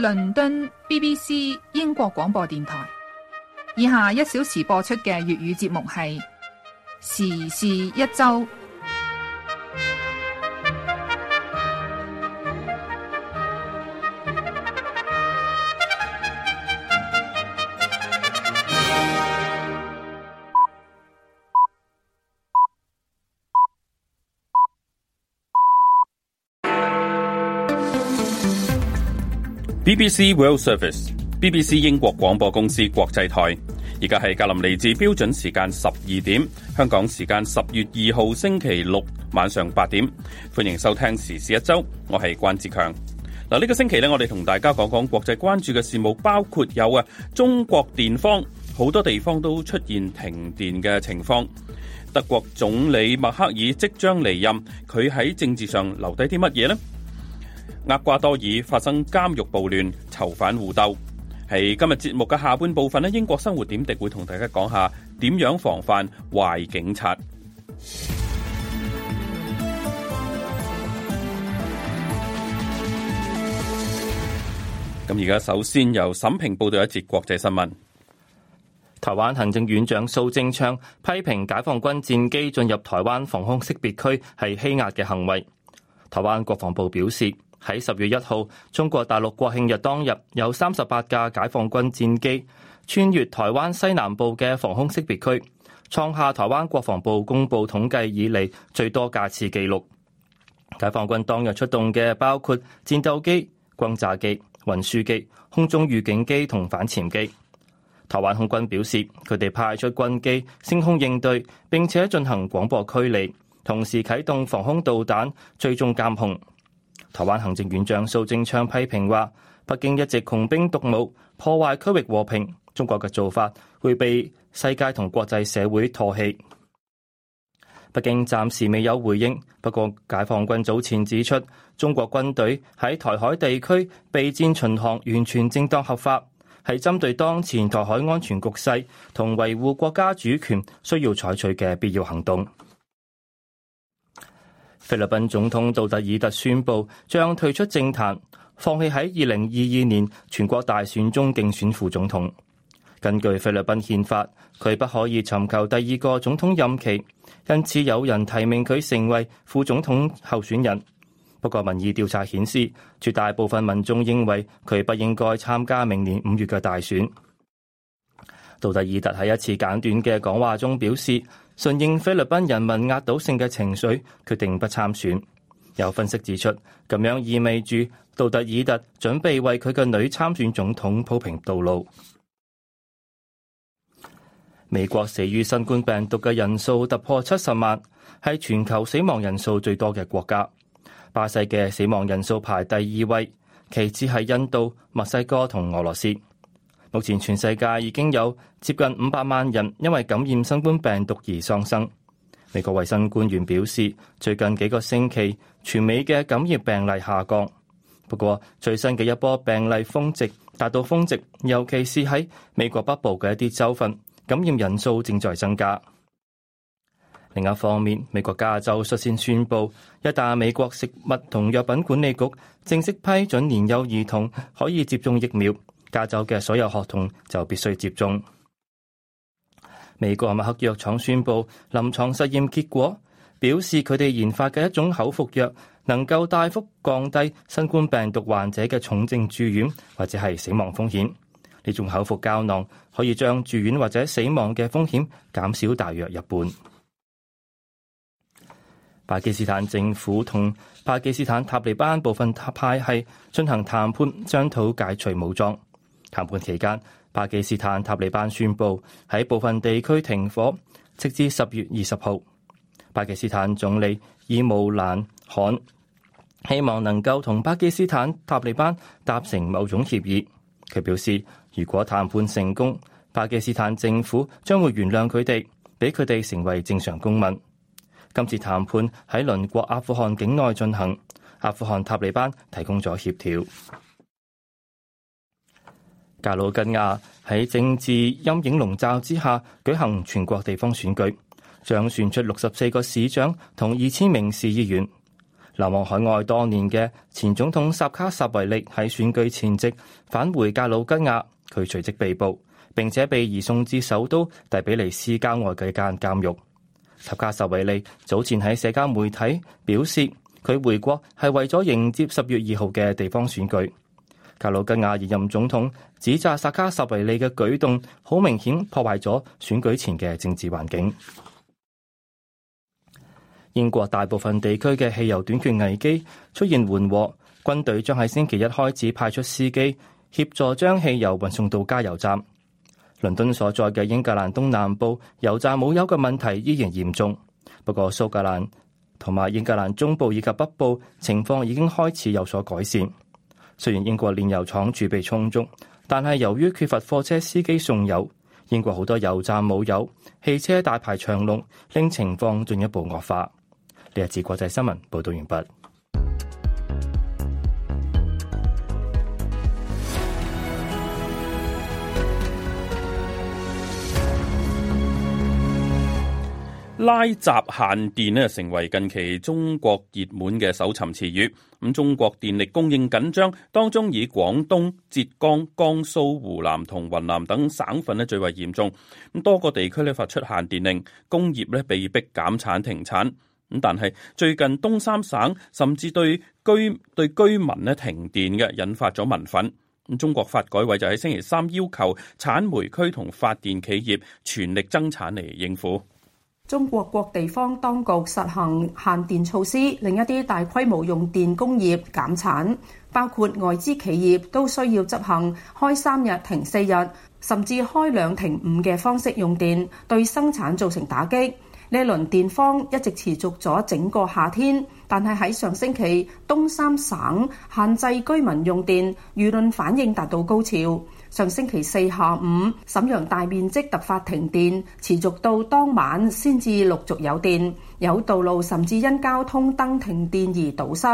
倫敦 BBC 英國廣播電台，以下一小時播出嘅粵語節目係《時事一周》。BBC World Service，BBC 英國廣播公司國際台。而家係格林尼治標準時間十二點，香港時間十月二號星期六晚上八點，歡迎收聽時事一周。我係關志強。嗱、啊，呢、這個星期咧，我哋同大家講講國際關注嘅事務，包括有啊，中國電荒，好多地方都出現停電嘅情況。德國總理默克爾即將離任，佢喺政治上留低啲乜嘢呢？厄瓜多爾發生監獄暴亂、囚犯互鬥。喺今日節目嘅下半部分咧，英國生活點滴會同大家講下點樣防範壞警察。咁而家首先由沈平報道一節國際新聞。台灣行政院長蘇貞昌批評解放軍戰機進入台灣防空識別區係欺壓嘅行為。台灣國防部表示。喺十月一號，中國大陸國慶日當日，有三十八架解放軍戰機穿越台灣西南部嘅防空識別區，創下台灣國防部公布統計以嚟最多架次紀錄。解放軍當日出動嘅包括戰鬥機、轟炸機、運輸機、空中預警機同反潛機。台灣空軍表示，佢哋派出軍機升空應對，並且進行廣播驅離，同時啟動防空導彈，追蹤監控。台灣行政院長蘇貞昌批評話：北京一直窮兵黷武，破壞區域和平，中國嘅做法會被世界同國際社會唾棄。北京暫時未有回應，不過解放軍早前指出，中國軍隊喺台海地區備戰巡航完全正當合法，係針對當前台海安全局勢同維護國家主權需要採取嘅必要行動。菲律賓總統杜特爾特宣布將退出政壇，放棄喺二零二二年全國大選中競選副總統。根據菲律賓憲法，佢不可以尋求第二個總統任期，因此有人提名佢成為副總統候選人。不過民意調查顯示，絕大部分民眾認為佢不應該參加明年五月嘅大選。杜特爾特喺一次簡短嘅講話中表示：順應菲律賓人民壓倒性嘅情緒，決定不參選。有分析指出，咁樣意味住杜特爾特準備為佢嘅女參選總統鋪平道路。美國死於新冠病毒嘅人數突破七十萬，係全球死亡人數最多嘅國家。巴西嘅死亡人數排第二位，其次係印度、墨西哥同俄羅斯。目前全世界已經有接近五百萬人因為感染新冠病毒而喪生。美國衛生官員表示，最近幾個星期全美嘅感染病例下降。不過最新嘅一波病例峰值達到峰值，尤其是喺美國北部嘅一啲州份，感染人數正在增加。另一方面，美國加州率先宣布，一旦美國食物同藥品管理局正式批准年幼兒童可以接種疫苗。加州嘅所有學童就必須接種。美國默克藥廠宣布臨床實驗結果，表示佢哋研發嘅一種口服藥能夠大幅降低新冠病毒患者嘅重症住院或者係死亡風險。呢種口服膠囊可以將住院或者死亡嘅風險減少大約一半。巴基斯坦政府同巴基斯坦塔利班部分派系進行談判，商討解除武裝。談判期間，巴基斯坦塔利班宣布喺部分地區停火，直至十月二十號。巴基斯坦總理伊姆蘭罕希望能夠同巴基斯坦塔利班達成某種協議。佢表示，如果談判成功，巴基斯坦政府將會原諒佢哋，俾佢哋成為正常公民。今次談判喺鄰國阿富汗境內進行，阿富汗塔利班提供咗協調。格魯吉亞喺政治陰影籠罩之下舉行全國地方選舉，將選出六十四個市長同二千名市議員。流亡海外多年嘅前總統薩卡什維利喺選舉前夕返回格魯吉亞，佢隨即被捕，並且被移送至首都第比利斯郊外嘅一間監獄。薩卡什維利早前喺社交媒體表示，佢回國係為咗迎接十月二號嘅地方選舉。格魯吉亞現任總統指責薩卡什維利嘅舉動，好明顯破壞咗選舉前嘅政治環境。英國大部分地區嘅汽油短缺危機出現緩和，軍隊將喺星期一開始派出司機協助將汽油運送到加油站。倫敦所在嘅英格蘭東南部油站冇油嘅問題依然嚴重，不過蘇格蘭同埋英格蘭中部以及北部情況已經開始有所改善。雖然英國煉油廠儲備充足，但係由於缺乏貨車司機送油，英國好多油站冇油，汽車大排長龍，令情況進一步惡化。呢日至國際新聞報道完畢。拉閘限電咧，成為近期中國熱門嘅搜尋詞語。咁中國電力供應緊張，當中以廣東、浙江、江蘇、湖南同雲南等省份咧最為嚴重。咁多個地區咧發出限電令，工業咧被逼減產停產。咁但係最近東三省甚至對居對居民咧停電嘅，引發咗民憤。咁中國發改委就喺星期三要求產煤區同發電企業全力增產嚟應付。中國各地方當局實行限電措施，令一啲大規模用電工業減產，包括外資企業都需要執行開三日停四日，甚至開兩停五嘅方式用電，對生產造成打擊。呢輪電荒一直持續咗整個夏天，但係喺上星期東三省限制居民用電，輿論反應達到高潮。上星期四下午，瀋陽大面積突發停電，持續到當晚先至陸續有電。有道路甚至因交通燈停電而堵塞。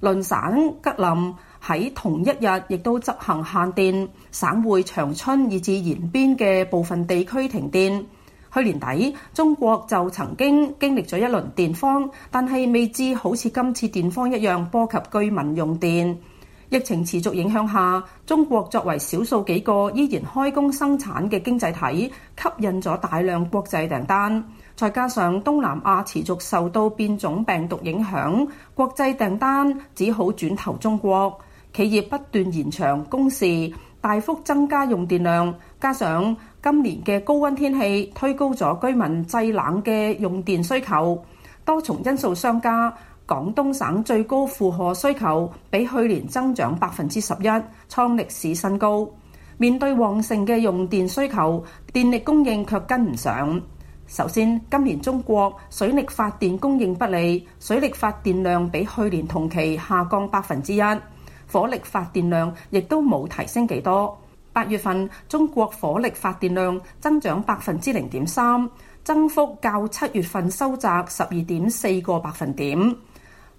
鄰省吉林喺同一日亦都執行限電，省會長春以至延邊嘅部分地區停電。去年底，中國就曾經經歷咗一輪電荒，但係未至好似今次電荒一樣波及居民用電。疫情持續影響下，中國作為少數幾個依然開工生產嘅經濟體，吸引咗大量國際訂單。再加上東南亞持續受到變種病毒影響，國際訂單只好轉投中國企業，不斷延長工時，大幅增加用電量。加上今年嘅高溫天氣，推高咗居民製冷嘅用電需求，多重因素相加。廣東省最高負荷需求比去年增長百分之十一，創歷史新高。面對旺盛嘅用電需求，電力供應卻跟唔上。首先，今年中國水力發電供應不利，水力發電量比去年同期下降百分之一，火力發電量亦都冇提升幾多。八月份中國火力發電量增長百分之零點三，增幅較七月份收窄十二點四個百分點。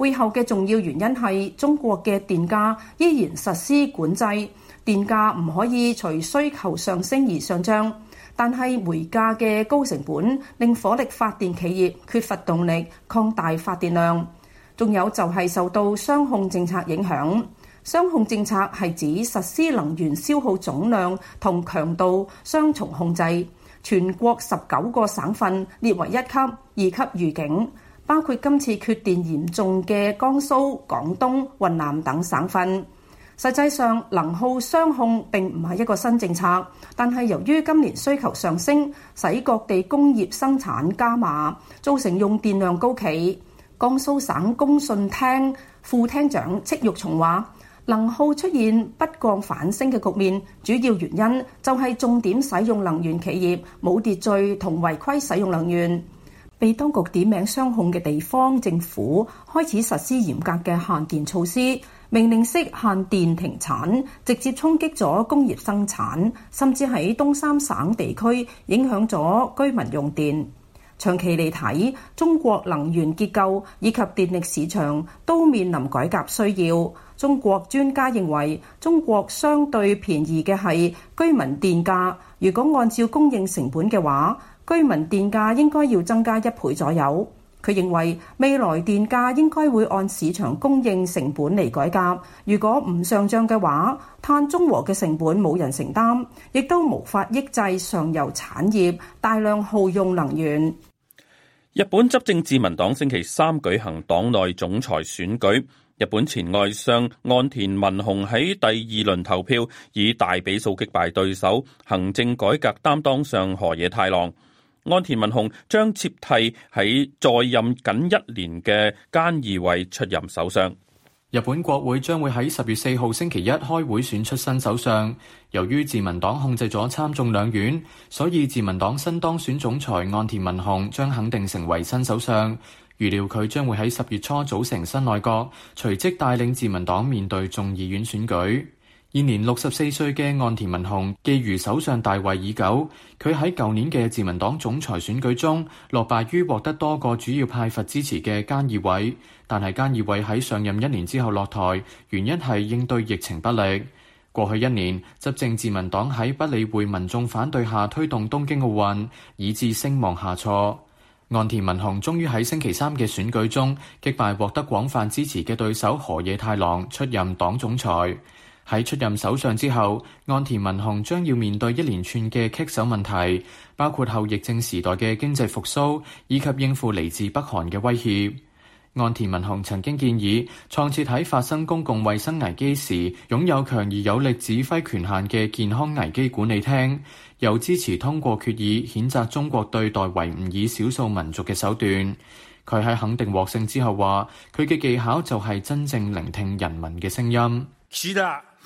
背後嘅重要原因係中國嘅電價依然實施管制，電價唔可以隨需求上升而上漲。但係煤價嘅高成本令火力發電企業缺乏動力擴大發電量。仲有就係受到雙控政策影響，雙控政策係指實施能源消耗總量同強度雙重控制。全國十九個省份列為一級、二級預警。包括今次缺電嚴重嘅江蘇、廣東、雲南等省份。實際上，能耗雙控並唔係一個新政策，但係由於今年需求上升，使各地工業生產加碼，造成用電量高企。江蘇省工信廳副廳長戚玉松話，能耗出現不降反升嘅局面，主要原因就係重點使用能源企業冇秩序同違規使用能源。被當局點名相控嘅地方政府開始實施嚴格嘅限電措施，命令式限電停產，直接衝擊咗工業生產，甚至喺東三省地區影響咗居民用電。長期嚟睇，中國能源結構以及電力市場都面臨改革需要。中國專家認為，中國相對便宜嘅係居民電價，如果按照供應成本嘅話。居民電價應該要增加一倍左右。佢認為未來電價應該會按市場供應成本嚟改革。如果唔上漲嘅話，碳中和嘅成本冇人承擔，亦都無法抑制上游產業大量耗用能源。日本執政自民黨星期三舉行黨內總裁選舉，日本前外相岸田文雄喺第二輪投票以大比數擊敗對手行政改革擔當相河野太郎。岸田文雄將接替喺在任僅一年嘅菅義偉出任首相。日本國會將會喺十月四號星期一開會選出新首相。由於自民黨控制咗參眾兩院，所以自民黨新當選總裁岸田文雄將肯定成為新首相。預料佢將會喺十月初組成新內閣，隨即帶領自民黨面對眾議院選舉。現年六十四歲嘅岸田文雄，覬覦首相大位已久。佢喺舊年嘅自民黨總裁選舉中落敗於獲得多個主要派閥支持嘅菅義偉，但係菅義偉喺上任一年之後落台，原因係應對疫情不力。過去一年執政自民黨喺不理會民眾反對下推動東京奧運，以致聲望下挫。岸田文雄終於喺星期三嘅選舉中擊敗獲得廣泛支持嘅對手河野太郎，出任黨總裁。喺出任首相之後，岸田文雄將要面對一連串嘅棘手問題，包括後疫症時代嘅經濟復甦，以及應付嚟自北韓嘅威脅。岸田文雄曾經建議創設喺發生公共衛生危機時擁有強而有力指揮權限嘅健康危機管理廳，又支持通過決議譴責中國對待維吾爾少數民族嘅手段。佢喺肯定獲勝之後話，佢嘅技巧就係真正聆聽人民嘅聲音。是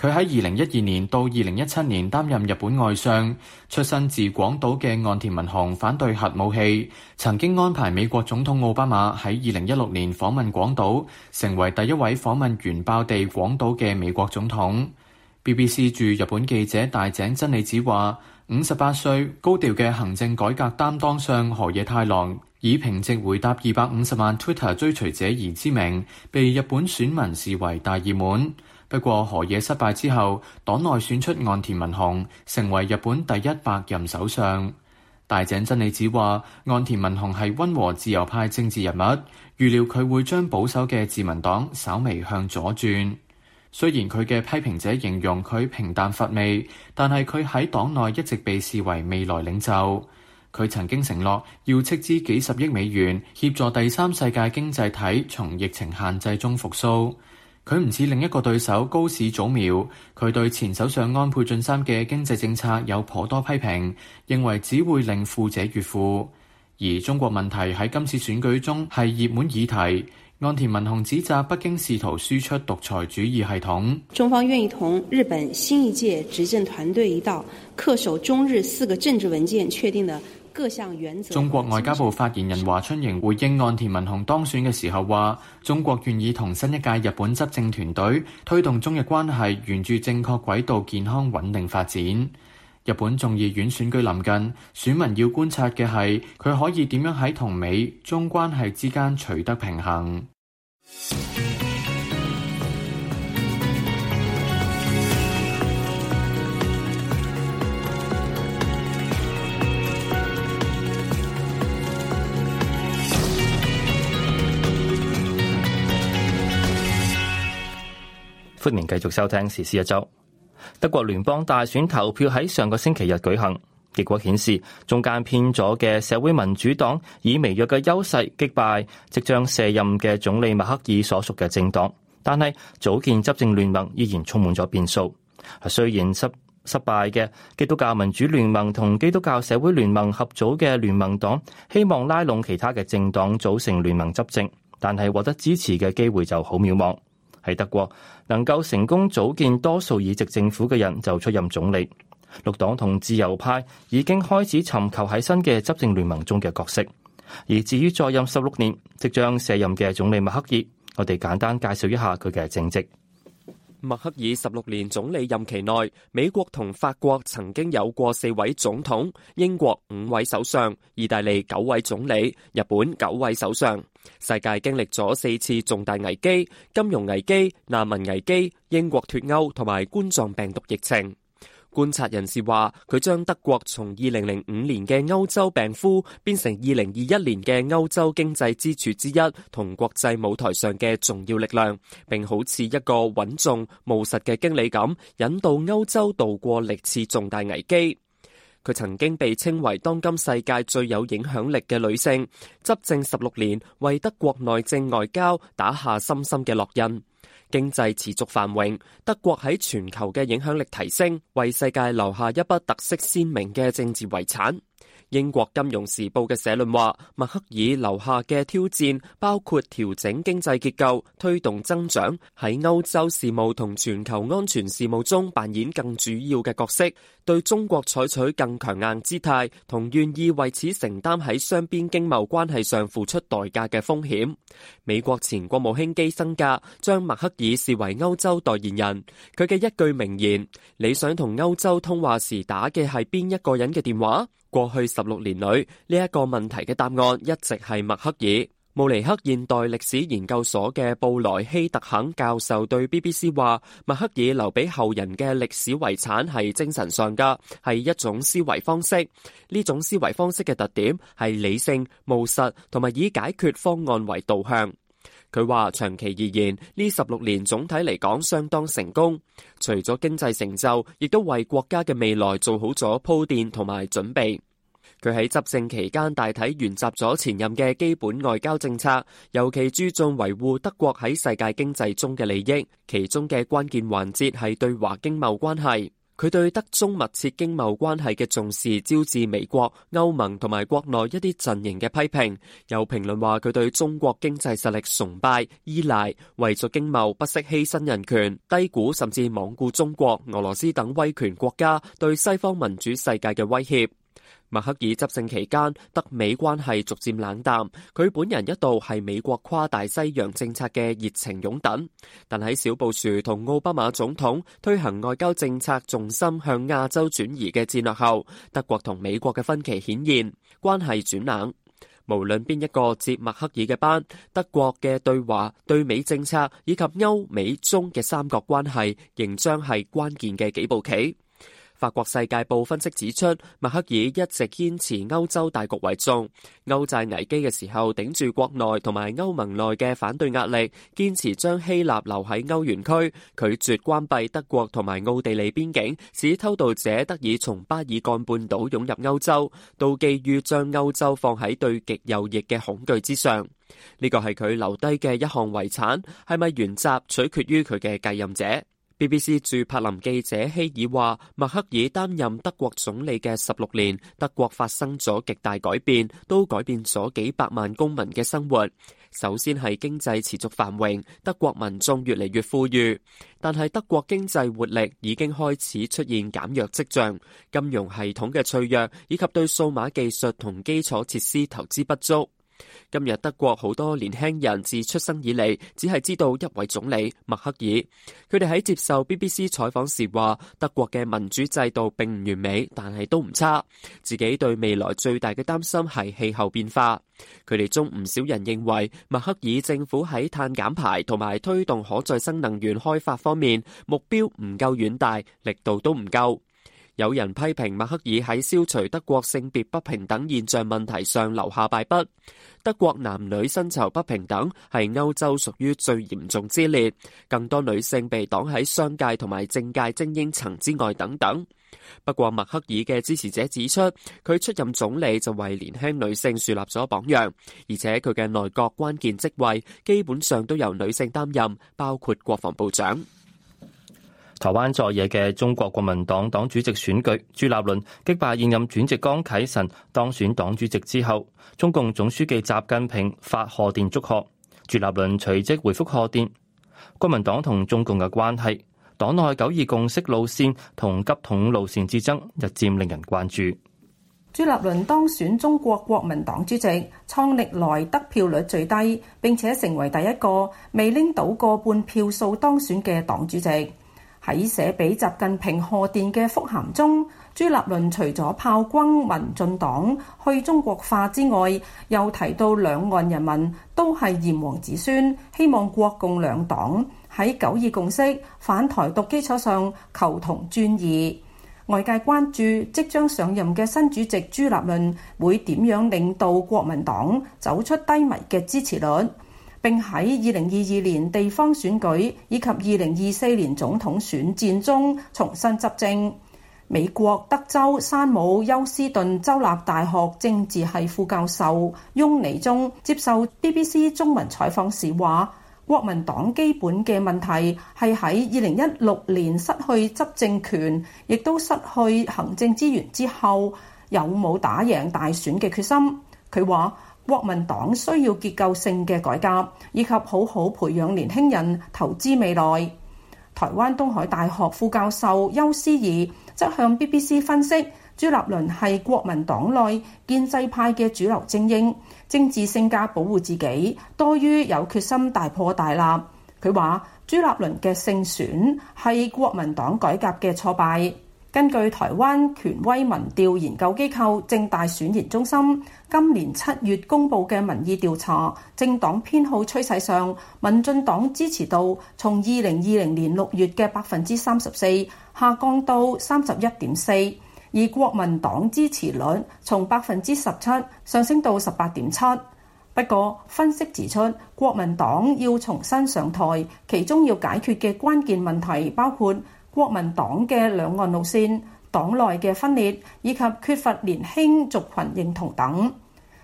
佢喺二零一二年到二零一七年擔任日本外相，出身自廣島嘅岸田文雄反對核武器，曾經安排美國總統奧巴馬喺二零一六年訪問廣島，成為第一位訪問原爆地廣島嘅美國總統。BBC 駐日本記者大井真理子話。五十八歲高調嘅行政改革擔當相河野太郎以平靜回答二百五十萬 Twitter 追隨者而知名，被日本選民視為大熱門。不過河野失敗之後，黨內選出岸田文雄成為日本第一百任首相。大井真理子話：岸田文雄係温和自由派政治人物，預料佢會將保守嘅自民黨稍微向左轉。雖然佢嘅批評者形容佢平淡乏味，但係佢喺黨內一直被視為未來領袖。佢曾經承諾要斥資幾十億美元協助第三世界經濟體從疫情限制中復甦。佢唔似另一個對手高市早苗，佢對前首相安倍晉三嘅經濟政策有頗多批評，認為只會令富者越富。而中國問題喺今次選舉中係熱門議題。岸田文雄指責北京試圖輸出獨裁主義系統。中方願意同日本新一屆執政團隊一道，恪守中日四個政治文件確定的各項原則。中國外交部發言人華春瑩回應岸田文雄當選嘅時候話，中國願意同新一屆日本執政團隊推動中日關係，沿住正確軌道健康穩定發展。日本眾議院選舉臨近，選民要觀察嘅係佢可以點樣喺同美中關係之間取得平衡。歡迎繼續收聽時事一周。德國聯邦大選投票喺上個星期日舉行。結果顯示，中間偏左嘅社會民主黨以微弱嘅優勢擊敗即將卸任嘅總理默克爾所屬嘅政黨，但係組建執政聯盟依然充滿咗變數。雖然失失敗嘅基督教民主聯盟同基督教社會聯盟合組嘅聯盟黨，希望拉攏其他嘅政黨組成聯盟執政，但係獲得支持嘅機會就好渺茫。喺德國，能夠成功組建多數議席政府嘅人就出任總理。綠黨同自由派已經開始尋求喺新嘅執政聯盟中嘅角色。而至於在任十六年即將卸任嘅總理默克爾，我哋簡單介紹一下佢嘅政績。默克爾十六年總理任期內，美國同法國曾經有過四位總統，英國五位首相，意大利九位總理，日本九位首相。世界經歷咗四次重大危機：金融危機、難民危機、英國脫歐同埋冠狀病毒疫情。觀察人士話，佢將德國從二零零五年嘅歐洲病夫，變成二零二一年嘅歐洲經濟支柱之一，同國際舞台上嘅重要力量，並好似一個穩重務實嘅經理咁，引導歐洲度過歷次重大危機。佢曾經被稱為當今世界最有影響力嘅女性，執政十六年，為德國內政外交打下深深嘅烙印。經濟持續繁榮，德國喺全球嘅影響力提升，為世界留下一筆特色鮮明嘅政治遺產。英國金融時報嘅社論話，默克爾留下嘅挑戰包括調整經濟結構、推動增長，喺歐洲事務同全球安全事務中扮演更主要嘅角色，對中國採取更強硬姿態，同願意為此承擔喺雙邊經貿關係上付出代價嘅風險。美國前國務卿基辛格將默克爾視為歐洲代言人，佢嘅一句名言，你想同歐洲通話時打嘅係邊一個人嘅電話？過去十六年裏，呢、這、一個問題嘅答案一直係默克爾。慕尼克現代歷史研究所嘅布萊希特肯教授對 BBC 話：默克爾留俾後人嘅歷史遺產係精神上㗎，係一種思維方式。呢種思維方式嘅特點係理性、務實同埋以解決方案為導向。佢話長期而言，呢十六年總體嚟講相當成功，除咗經濟成就，亦都為國家嘅未來做好咗鋪墊同埋準備。佢喺執政期間大體沿襲咗前任嘅基本外交政策，尤其注重維護德國喺世界經濟中嘅利益，其中嘅關鍵環節係對華經貿關係。佢對德中密切經貿關係嘅重視，招致美國、歐盟同埋國內一啲陣營嘅批評。有評論話佢對中國經濟實力崇拜、依賴，為咗經貿不惜犧牲人權，低估甚至罔顧中國、俄羅斯等威權國家對西方民主世界嘅威脅。默克爾執政期間，德美關係逐漸冷淡，佢本人一度係美國跨大西洋政策嘅熱情擁躉，但在小布殊同奧巴馬總統推行外交政策重心向亞洲轉移嘅戰略後，德國同美國嘅分歧顯現，關係轉冷。無論哪一個接默克爾嘅班，德國嘅對華、對美政策以及歐美中嘅三角關係仍將係關鍵嘅幾步棋。法國世界報分析指出，默克爾一直堅持歐洲大局為重，歐債危機嘅時候頂住國內同埋歐盟內嘅反對壓力，堅持將希臘留喺歐元區，拒絕關閉德國同埋奧地利邊境，使偷渡者得以從巴爾幹半島湧入歐洲，倒基於將歐洲放喺對極右翼嘅恐懼之上。呢個係佢留低嘅一項遺產，係咪原則取決於佢嘅繼任者？BBC 駐柏林記者希爾話，默克爾擔任德國總理嘅十六年，德國發生咗極大改變，都改變咗幾百萬公民嘅生活。首先係經濟持續繁榮，德國民眾越嚟越富裕。但係德國經濟活力已經開始出現減弱跡象，金融系統嘅脆弱，以及對數碼技術同基礎設施投資不足。今日德國好多年輕人自出生以嚟只係知道一位總理默克爾。佢哋喺接受 BBC 採訪時話，德國嘅民主制度並唔完美，但係都唔差。自己對未來最大嘅擔心係氣候變化。佢哋中唔少人認為默克爾政府喺碳減排同埋推動可再生能源開發方面目標唔夠遠大，力度都唔夠。有人批評默克爾喺消除德國性別不平等現象問題上留下敗筆。德國男女薪酬不平等係歐洲屬於最嚴重之列，更多女性被擋喺商界同埋政界精英層之外等等。不過，默克爾嘅支持者指出，佢出任總理就為年輕女性樹立咗榜樣，而且佢嘅內閣關鍵職位基本上都由女性擔任，包括國防部長。台灣在野嘅中國國民黨黨主席選舉，朱立倫擊敗現任主席江啟臣當選黨主席之後，中共總書記習近平發賀電祝賀。朱立倫隨即回復賀電。國民黨同中共嘅關係，黨內九二共識路線同急統路線之爭，日漸令人關注。朱立倫當選中國國民黨主席，創歷來得票率最低，並且成為第一個未拎到過半票數當選嘅黨主席。喺寫俾習近平賀電嘅復函中，朱立倫除咗炮轟民進黨去中國化之外，又提到兩岸人民都係炎黃子孫，希望國共兩黨喺九二共識反台獨基礎上求同存異。外界關注即將上任嘅新主席朱立倫會點樣領導國民黨走出低迷嘅支持率。並喺二零二二年地方選舉以及二零二四年總統選戰中重新執政。美國德州山姆休斯頓州立大學政治系副教授翁尼中接受 BBC 中文採訪時話：「國民黨基本嘅問題係喺二零一六年失去執政權，亦都失去行政資源之後，有冇打贏大選嘅決心？」佢話：國民黨需要結構性嘅改革，以及好好培養年輕人投資未來。台灣東海大學副教授邱思儀則向 BBC 分析，朱立倫係國民黨內建制派嘅主流精英，政治性格保護自己，多於有決心大破大立。佢話，朱立倫嘅勝選係國民黨改革嘅挫敗。根據台灣權威民調研究機構政大選研中心今年七月公佈嘅民意調查，政黨偏好趨勢上，民進黨支持度從二零二零年六月嘅百分之三十四下降到三十一點四，而國民黨支持率從百分之十七上升到十八點七。不過，分析指出，國民黨要重新上台，其中要解決嘅關鍵問題包括，國民黨嘅兩岸路線、黨內嘅分裂以及缺乏年輕族群認同等，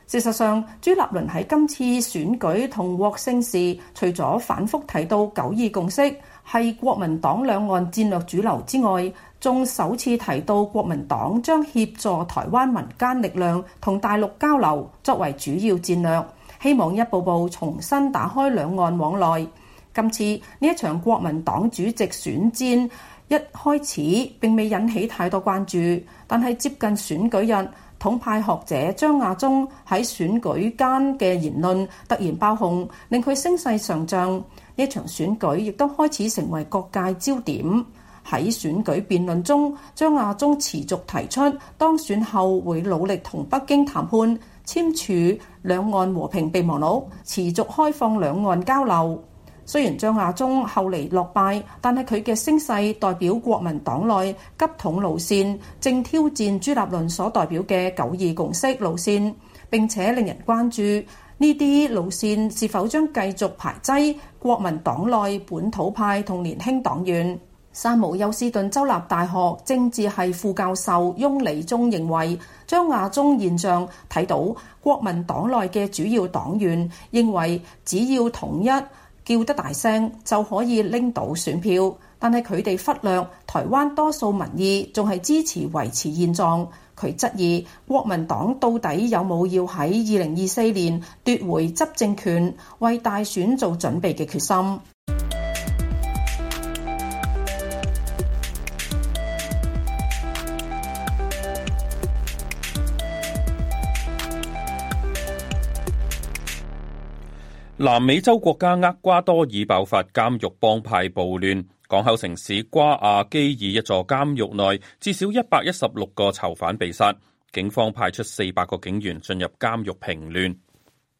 事實上，朱立倫喺今次選舉同獲勝時，除咗反覆提到九二共識係國民黨兩岸戰略主流之外，仲首次提到國民黨將協助台灣民間力量同大陸交流作為主要戰略，希望一步步重新打開兩岸往來。今次呢一場國民黨主席選戰。一開始並未引起太多關注，但係接近選舉日，統派學者張亞中喺選舉間嘅言論突然爆紅，令佢聲勢上漲。呢場選舉亦都開始成為各界焦點。喺選舉辯論中，張亞中持續提出當選後會努力同北京談判，簽署兩岸和平備忘錄，持續開放兩岸交流。雖然張亞中後嚟落敗，但係佢嘅聲勢代表國民黨內急統路線，正挑戰朱立倫所代表嘅九二共識路線。並且令人關注，呢啲路線是否將繼續排擠國民黨內本土派同年輕黨員。山姆休斯頓州立大學政治系副教授翁理忠認為，張亞中現象睇到國民黨內嘅主要黨員認為，只要統一，叫得大聲就可以拎到選票，但係佢哋忽略台灣多數民意仲係支持維持現狀。佢質疑國民黨到底有冇要喺二零二四年奪回執政權，為大選做準備嘅決心。南美洲國家厄瓜多爾爆發監獄幫派暴亂，港口城市瓜亞基爾一座監獄內至少一百一十六個囚犯被殺，警方派出四百個警員進入監獄平亂。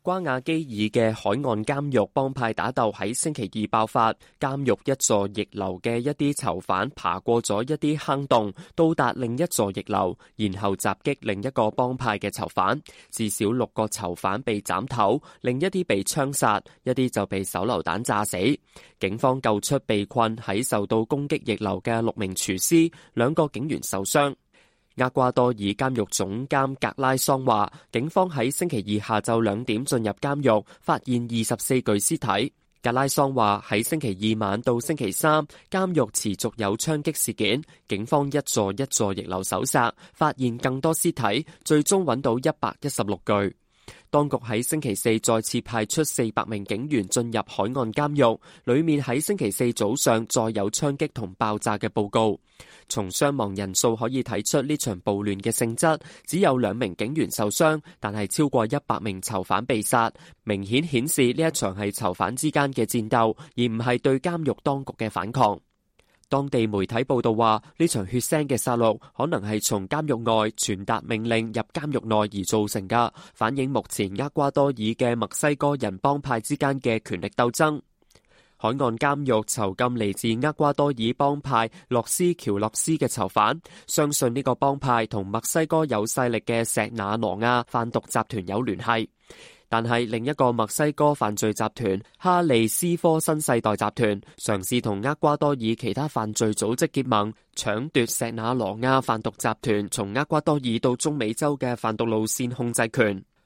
瓜亞基爾嘅海岸監獄幫派打鬥喺星期二爆發，監獄一座翼樓嘅一啲囚犯爬過咗一啲坑洞，到達另一座翼樓，然後襲擊另一個幫派嘅囚犯，至少六個囚犯被斬頭，另一啲被槍殺，一啲就被手榴彈炸死。警方救出被困喺受到攻擊翼樓嘅六名廚師，兩個警員受傷。厄瓜多爾監獄總監格拉桑話：警方喺星期二下晝兩點進入監獄，發現二十四具屍體。格拉桑話喺星期二晚到星期三，監獄持續有槍擊事件，警方一座一座逆流搜查，發現更多屍體，最終揾到一百一十六具。當局喺星期四再次派出四百名警員進入海岸監獄，裏面喺星期四早上再有槍擊同爆炸嘅報告。從傷亡人數，可以睇出呢場暴亂嘅性質，只有兩名警員受傷，但係超過一百名囚犯被殺，明顯顯示呢一場係囚犯之間嘅戰鬥，而唔係對監獄當局嘅反抗。當地媒體報道話，呢場血腥嘅殺戮可能係從監獄外傳達命令入監獄內而造成㗎，反映目前厄瓜多爾嘅墨西哥人幫派之間嘅權力鬥爭。海岸監獄囚禁嚟自厄瓜多爾幫派洛斯喬洛斯嘅囚犯，相信呢個幫派同墨西哥有勢力嘅石那羅亞販毒集團有聯繫。但係另一個墨西哥犯罪集團哈利斯科新世代集團，嘗試同厄瓜多爾其他犯罪組織結盟，搶奪石那羅亞販毒集團從厄瓜多爾到中美洲嘅販毒路綫控制權。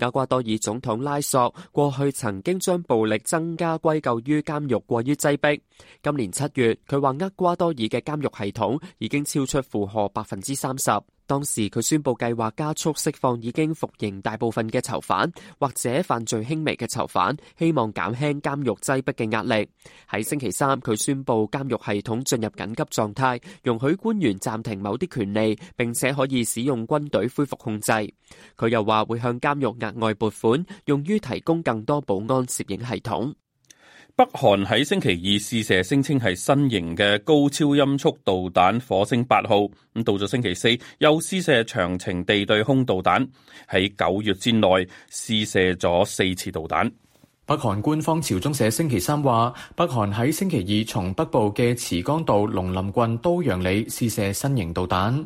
厄瓜多爾總統拉索過去曾經將暴力增加歸咎於監獄過於擠迫。今年七月，佢話厄瓜多爾嘅監獄系統已經超出負荷百分之三十。當時佢宣布計劃加速釋放已經服刑大部分嘅囚犯，或者犯罪輕微嘅囚犯，希望減輕監獄擠迫嘅壓力。喺星期三，佢宣布監獄系統進入緊急狀態，容許官員暫停某啲權利，並且可以使用軍隊恢復控制。佢又話會向監獄額外撥款，用於提供更多保安攝影系統。北韓喺星期二試射，聲稱係新型嘅高超音速導彈“火星八號”。咁到咗星期四又試射長程地對空導彈。喺九月之內試射咗四次導彈。北韓官方朝中社星期三話，北韓喺星期二從北部嘅池江道龍林郡都陽里試射新型導彈。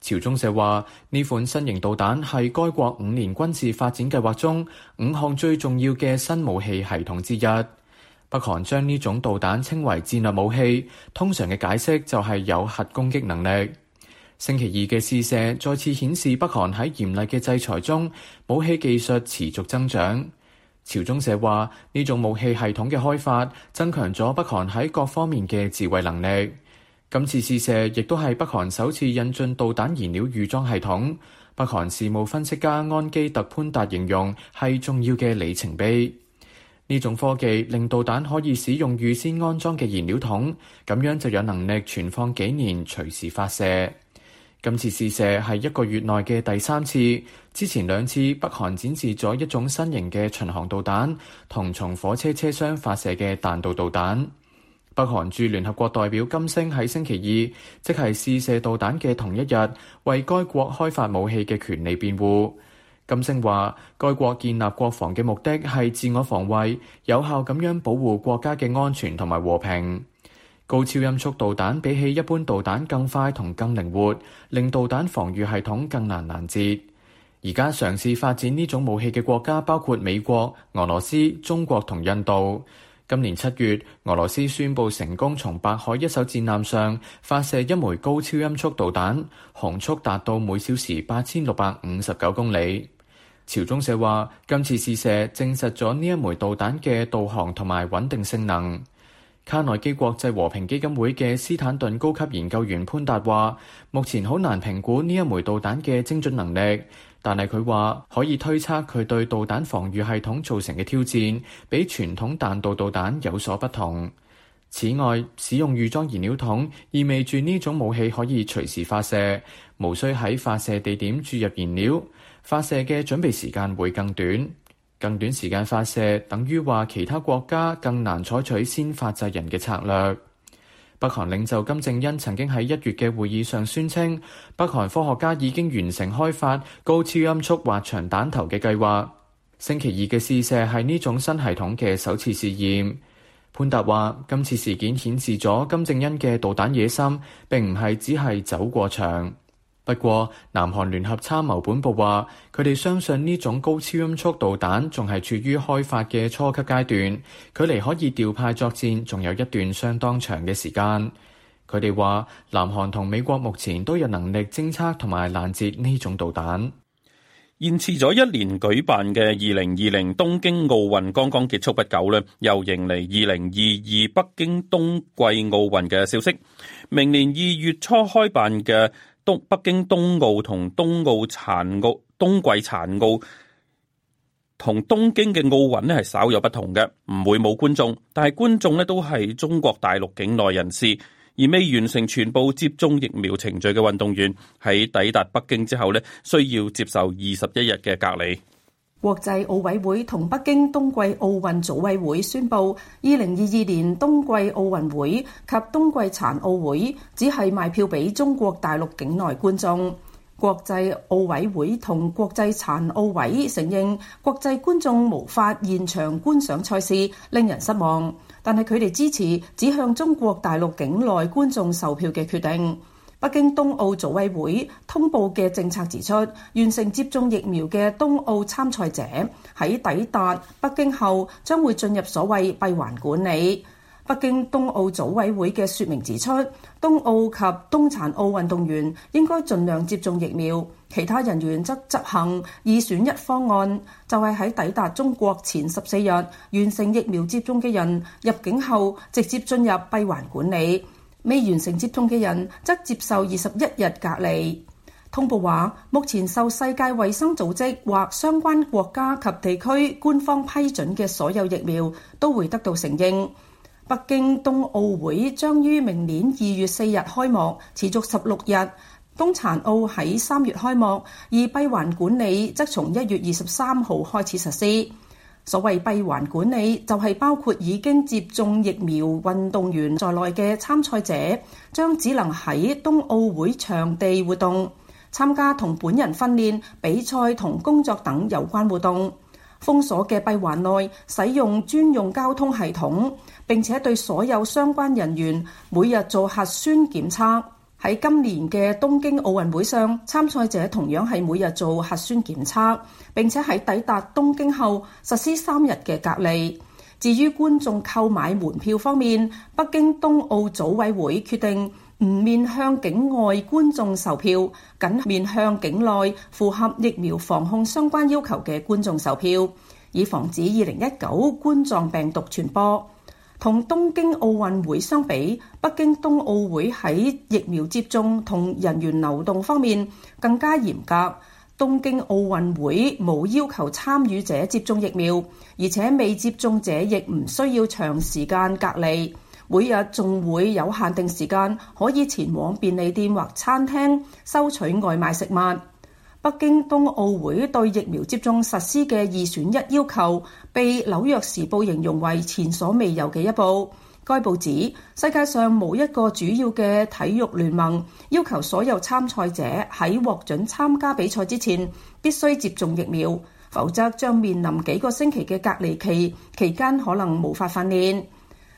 朝中社話呢款新型導彈係該國五年軍事發展計劃中五項最重要嘅新武器系統之一。北韓將呢種導彈稱為戰略武器，通常嘅解釋就係有核攻擊能力。星期二嘅試射再次顯示北韓喺嚴厲嘅制裁中武器技術持續增長。朝中社話：呢種武器系統嘅開發增強咗北韓喺各方面嘅自衛能力。今次試射亦都係北韓首次引進導彈燃料預裝系統。北韓事務分析家安基特潘達形容係重要嘅里程碑。呢種科技令導彈可以使用預先安裝嘅燃料桶，咁樣就有能力存放幾年，隨時發射。今次試射係一個月內嘅第三次，之前兩次北韓展示咗一種新型嘅巡航導彈，同從火車車廂發射嘅彈道導彈。北韓駐聯合國代表金星喺星期二，即係試射導彈嘅同一日，為該國開發武器嘅權利辯護。金星話，該國建立國防嘅目的係自我防衛，有效咁樣保護國家嘅安全同埋和平。高超音速導彈比起一般導彈更快同更靈活，令導彈防禦系統更難攔截。而家嘗試發展呢種武器嘅國家包括美國、俄羅斯、中國同印度。今年七月，俄羅斯宣布成功從白海一艘戰艦上發射一枚高超音速導彈，航速達到每小時八千六百五十九公里。朝中社話：今次試射證實咗呢一枚導彈嘅導航同埋穩定性能。卡內基國際和平基金會嘅斯坦頓高級研究員潘達話：目前好難評估呢一枚導彈嘅精準能力，但係佢話可以推測佢對導彈防禦系統造成嘅挑戰，比傳統彈道導彈有所不同。此外，使用預裝燃料筒意味住呢種武器可以隨時發射，無需喺發射地點注入燃料。發射嘅準備時間會更短，更短時間發射等於話其他國家更難採取先發制人嘅策略。北韓領袖金正恩曾經喺一月嘅會議上宣稱，北韓科學家已經完成開發高超音速滑翔彈頭嘅計劃。星期二嘅試射係呢種新系統嘅首次試驗。潘達話：今次事件顯示咗金正恩嘅導彈野心並唔係只係走過場。不過，南韓聯合參謀本部話，佢哋相信呢種高超音速導彈仲係處於開發嘅初級階段，距離可以調派作戰仲有一段相當長嘅時間。佢哋話，南韓同美國目前都有能力偵測同埋攔截呢種導彈。延遲咗一年舉辦嘅二零二零東京奧運剛剛結束不久咧，又迎嚟二零二二北京冬季奧運嘅消息。明年二月初開辦嘅。東北京冬奧同冬奧殘奧冬季殘奧同東京嘅奧運呢係稍有不同嘅，唔會冇觀眾，但係觀眾呢都係中國大陸境內人士，而未完成全部接種疫苗程序嘅運動員喺抵達北京之後呢，需要接受二十一日嘅隔離。國際奧委會同北京冬季奧運組委會宣布，二零二二年冬季奧運會及冬季殘奧會只係賣票俾中國大陸境內觀眾。國際奧委會同國際殘奧委承認，國際觀眾無法現場觀賞賽事，令人失望。但係佢哋支持只向中國大陸境內觀眾售票嘅決定。北京冬奧組委會通報嘅政策指出，完成接種疫苗嘅冬奧參賽者喺抵達北京後，將會進入所謂閉環管理。北京冬奧組委會嘅說明指出，冬奧及冬殘奧運動員應該盡量接種疫苗，其他人員則執行二選一方案，就係喺抵達中國前十四日完成疫苗接種嘅人入境後直接進入閉環管理。未完成接種嘅人則接受二十一日隔離。通報話，目前受世界衛生組織或相關國家及地區官方批准嘅所有疫苗都會得到承認。北京冬奧會將於明年二月四日開幕，持續十六日。冬殘奧喺三月開幕，而閉環管理則從一月二十三號開始實施。所謂閉環管理，就係包括已經接種疫苗運動員在內嘅參賽者，將只能喺冬奧會場地活動，參加同本人訓練、比賽同工作等有關活動。封鎖嘅閉環內，使用專用交通系統，並且對所有相關人員每日做核酸檢測。喺今年嘅東京奧運會上，參賽者同樣係每日做核酸檢測，並且喺抵達東京後實施三日嘅隔離。至於觀眾購買門票方面，北京冬奧組委會決定唔面向境外觀眾售票，僅面向境內符合疫苗防控相關要求嘅觀眾售票，以防止二零一九冠狀病毒傳播。同東京奧運會相比，北京冬奧會喺疫苗接種同人員流動方面更加嚴格。東京奧運會無要求參與者接種疫苗，而且未接種者亦唔需要長時間隔離，每日仲會有限定時間可以前往便利店或餐廳收取外賣食物。北京冬奧會對疫苗接種實施嘅二選一要求，被紐約時報形容為前所未有嘅一步。該報紙世界上冇一個主要嘅體育聯盟要求所有參賽者喺獲准參加比賽之前必須接種疫苗，否則將面臨幾個星期嘅隔離期，期間可能無法訓練。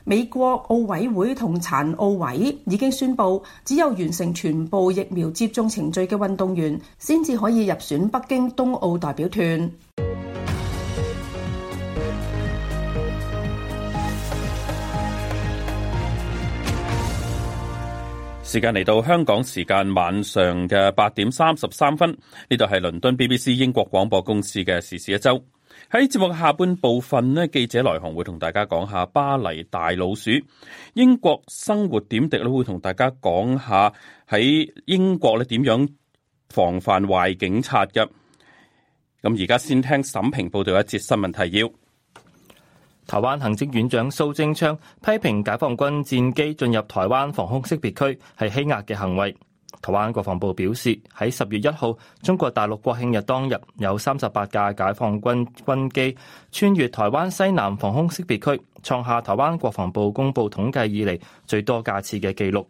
美國奧委會同殘奧委已經宣布，只有完成全部疫苗接種程序嘅運動員，先至可以入選北京冬奧代表團。時間嚟到香港時間晚上嘅八點三十三分，呢度係倫敦 BBC 英國廣播公司嘅時事一周。喺節目下半部分呢，記者來鴻會同大家講下巴黎大老鼠；英國生活點滴咧，會同大家講下喺英國咧，點樣防範壞警察嘅。咁而家先聽沈平報道一節新聞提要。台灣行政院長蘇貞昌批評解放軍戰機進入台灣防空識別區係欺壓嘅行為。台灣國防部表示，喺十月一號中國大陸國慶日當日，有三十八架解放軍軍機穿越台灣西南防空識別區，創下台灣國防部公布統計以嚟最多架次嘅紀錄。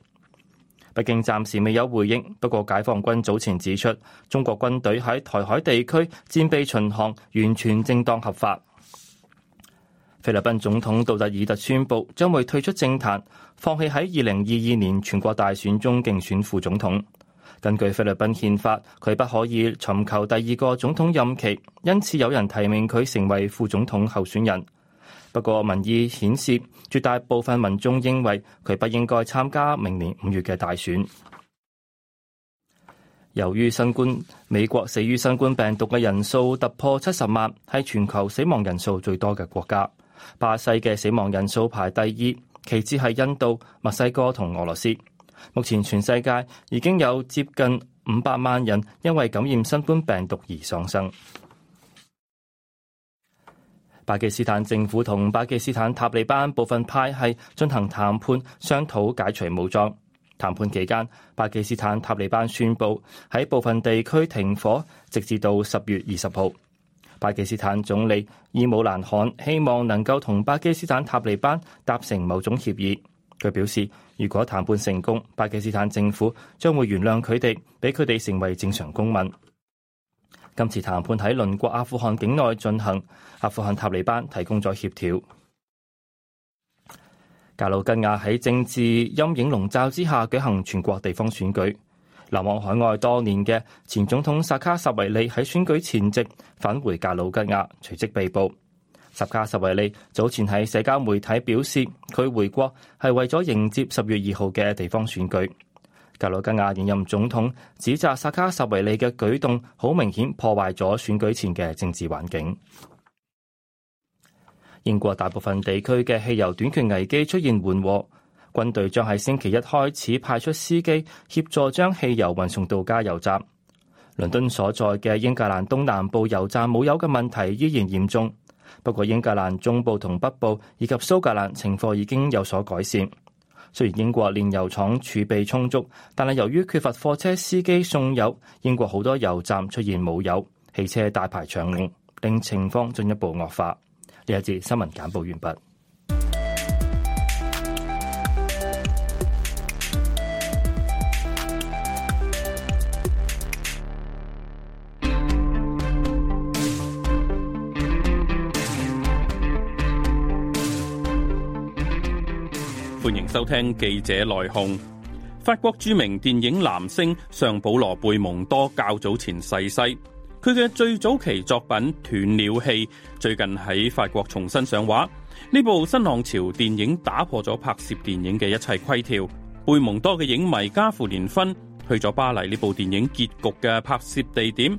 北京暫時未有回應，不過解放軍早前指出，中國軍隊喺台海地區戰備巡航完全正當合法。菲律賓總統杜特爾特宣布將會退出政壇。放棄喺二零二二年全國大選中競選副總統。根據菲律賓憲法，佢不可以尋求第二個總統任期，因此有人提名佢成為副總統候選人。不過民意顯示，絕大部分民眾認為佢不應該參加明年五月嘅大選。由於新冠，美國死於新冠病毒嘅人數突破七十萬，係全球死亡人數最多嘅國家，巴西嘅死亡人數排第一。其次係印度、墨西哥同俄羅斯。目前全世界已經有接近五百萬人因為感染新冠病毒而喪生。巴基斯坦政府同巴基斯坦塔利班部分派系進行談判，商討解除武裝。談判期間，巴基斯坦塔利班宣布喺部分地區停火，直至到十月二十號。巴基斯坦總理伊姆蘭汗希望能夠同巴基斯坦塔利班達成某種協議。佢表示，如果談判成功，巴基斯坦政府將會原諒佢哋，俾佢哋成為正常公民。今次談判喺鄰國阿富汗境內進行，阿富汗塔利班提供咗協調。格魯吉亞喺政治陰影籠罩之下舉行全國地方選舉。流亡海外多年嘅前總統薩卡什維利喺選舉前夕返回格魯吉亞，隨即被捕。薩卡什維利早前喺社交媒體表示，佢回國係為咗迎接十月二號嘅地方選舉。格魯吉亞現任總統指責薩卡什維利嘅舉動好明顯破壞咗選舉前嘅政治環境。英國大部分地區嘅汽油短缺危機出現緩和。軍隊將喺星期一開始派出司機協助將汽油運送到加油站。倫敦所在嘅英格蘭東南部油站冇油嘅問題依然嚴重，不過英格蘭中部同北部以及蘇格蘭情況已經有所改善。雖然英國煉油廠儲備充足，但係由於缺乏貨車司機送油，英國好多油站出現冇油，汽車大排長龍，令情況進一步惡化。呢一節新聞簡報完畢。歡迎收聽記者來鴻。法國著名電影男星尚保羅貝蒙多較早前逝世，世，佢嘅最早期作品《斷了氣》最近喺法國重新上畫。呢部新浪潮電影打破咗拍攝電影嘅一切規條。貝蒙多嘅影迷加夫連芬去咗巴黎呢部電影結局嘅拍攝地點。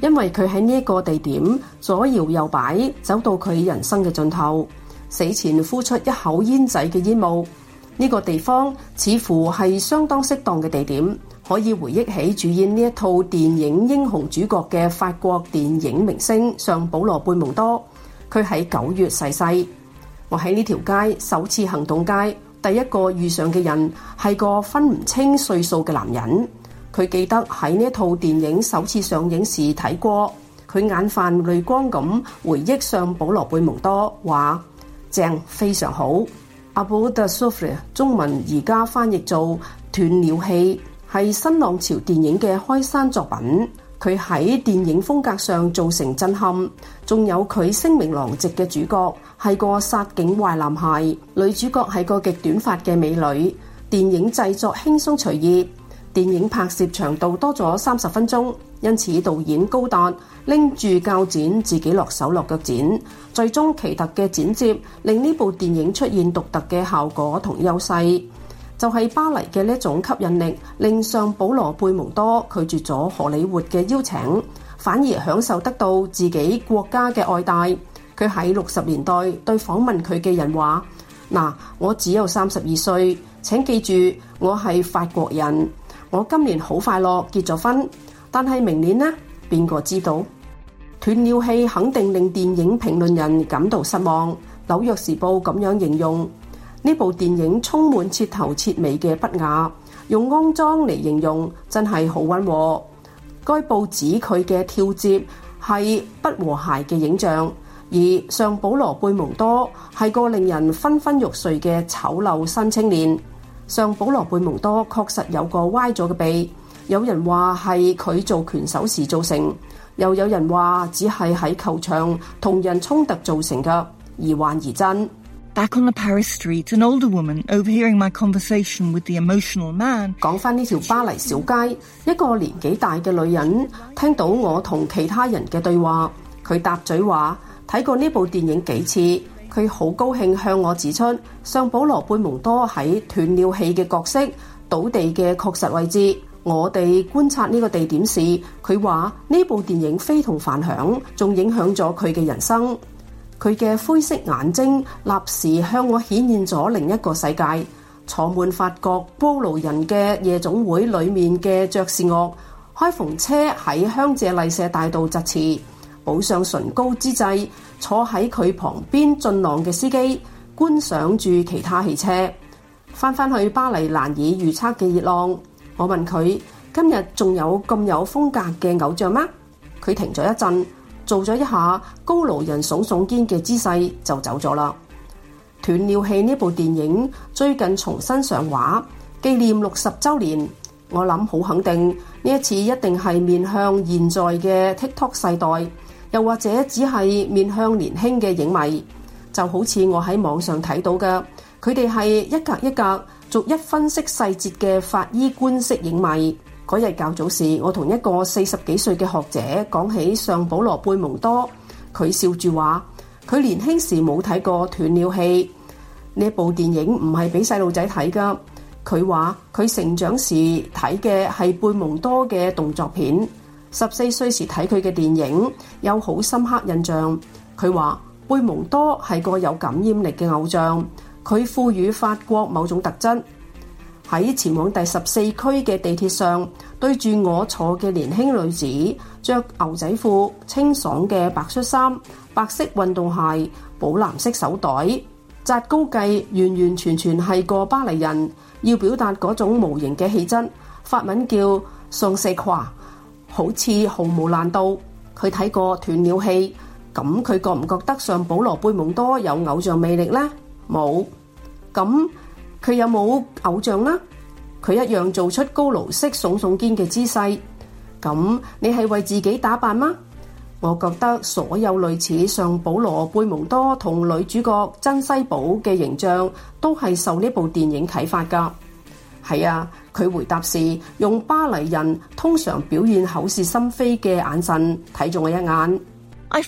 因為佢喺呢一個地點左搖右擺，走到佢人生嘅盡頭，死前呼出一口煙仔嘅煙霧。呢個地方似乎係相當適當嘅地點，可以回憶起主演呢一套電影英雄主角嘅法國電影明星尚保羅貝蒙多。佢喺九月逝世。我喺呢條街首次行動街，第一個遇上嘅人係個分唔清歲數嘅男人。佢記得喺呢一套電影首次上映時睇過，佢眼泛淚光咁回憶尚保羅貝蒙多，話正非常好。阿布達索菲亞，中文而家翻譯做斷了氣，係新浪潮電影嘅開山作品。佢喺電影風格上造成震撼，仲有佢聲名狼藉嘅主角係個殺警壞男孩，女主角係個極短髮嘅美女。電影製作輕鬆隨意。電影拍攝長度多咗三十分鐘，因此導演高達拎住鉸剪自己落手落腳剪，最終奇特嘅剪接令呢部電影出現獨特嘅效果同優勢。就係巴黎嘅呢一種吸引力，令尚保羅貝蒙多拒絕咗荷里活嘅邀請，反而享受得到自己國家嘅愛戴。佢喺六十年代對訪問佢嘅人話：嗱，我只有三十二歲，請記住我係法國人。我今年好快樂，結咗婚，但係明年呢？邊個知道？斷了氣肯定令電影評論人感到失望。《紐約時報》咁樣形容呢部電影充滿徹頭徹尾嘅不雅，用骯髒嚟，形容真係好溫和。該報紙佢嘅跳接係不和諧嘅影像，而尚保羅貝蒙多係個令人昏昏欲睡嘅醜陋新青年。上保羅貝蒙多確實有個歪咗嘅鼻，有人話係佢做拳手時造成，又有人話只係喺球場同人衝突造成嘅，疑幻而真。Back on the Paris Street, an older woman overhearing my conversation with the emotional man 講返呢條巴黎小街，一個年紀大嘅女人聽到我同其他人嘅對話，佢答嘴話睇過呢部電影幾次。佢好高興向我指出，上保羅貝蒙多喺斷了氣嘅角色倒地嘅確實位置。我哋觀察呢個地點時，佢話呢部電影非同凡響，仲影響咗佢嘅人生。佢嘅灰色眼睛立時向我顯現咗另一個世界。坐滿法國波羅人嘅夜總會裏面嘅爵士樂，開篷車喺香榭麗舍大道疾馳，補上唇膏之際。坐喺佢旁邊俊朗嘅司機觀賞住其他汽車，翻返去巴黎難以預測嘅熱浪。我問佢：今日仲有咁有風格嘅偶像咩？佢停咗一陣，做咗一下高盧人聳聳肩嘅姿勢就走咗啦。斷了氣呢部電影最近重新上畫，紀念六十周年。我諗好肯定呢一次一定係面向現在嘅 TikTok 世代。又或者只係面向年輕嘅影迷，就好似我喺網上睇到嘅，佢哋係一格一格逐一分析細節嘅法醫官式影迷。嗰日較早時，我同一個四十幾歲嘅學者講起上保羅貝蒙多，佢笑住話：佢年輕時冇睇過斷了氣呢部電影，唔係俾細路仔睇噶。佢話佢成長時睇嘅係貝蒙多嘅動作片。十四歲時睇佢嘅電影有好深刻印象，佢話貝蒙多係個有感染力嘅偶像，佢賦予法國某種特質。喺前往第十四區嘅地鐵上，對住我坐嘅年輕女子，著牛仔褲、清爽嘅白恤衫、白色運動鞋、寶藍色手袋，紮高髻，完完全全係個巴黎人。要表達嗰種無形嘅氣質，法文叫喪勢華。上色好似毫無難度，佢睇過斷了氣，咁佢覺唔覺得上保羅貝蒙多有偶像魅力呢？冇，咁佢有冇偶像呢？佢一樣做出高盧式聳聳肩嘅姿勢，咁你係為自己打扮嗎？我覺得所有類似上保羅貝蒙多同女主角珍西寶嘅形象，都係受呢部電影啟發噶。係啊。佢回答是用巴黎人通常表現口是心非嘅眼神睇咗我一眼。喺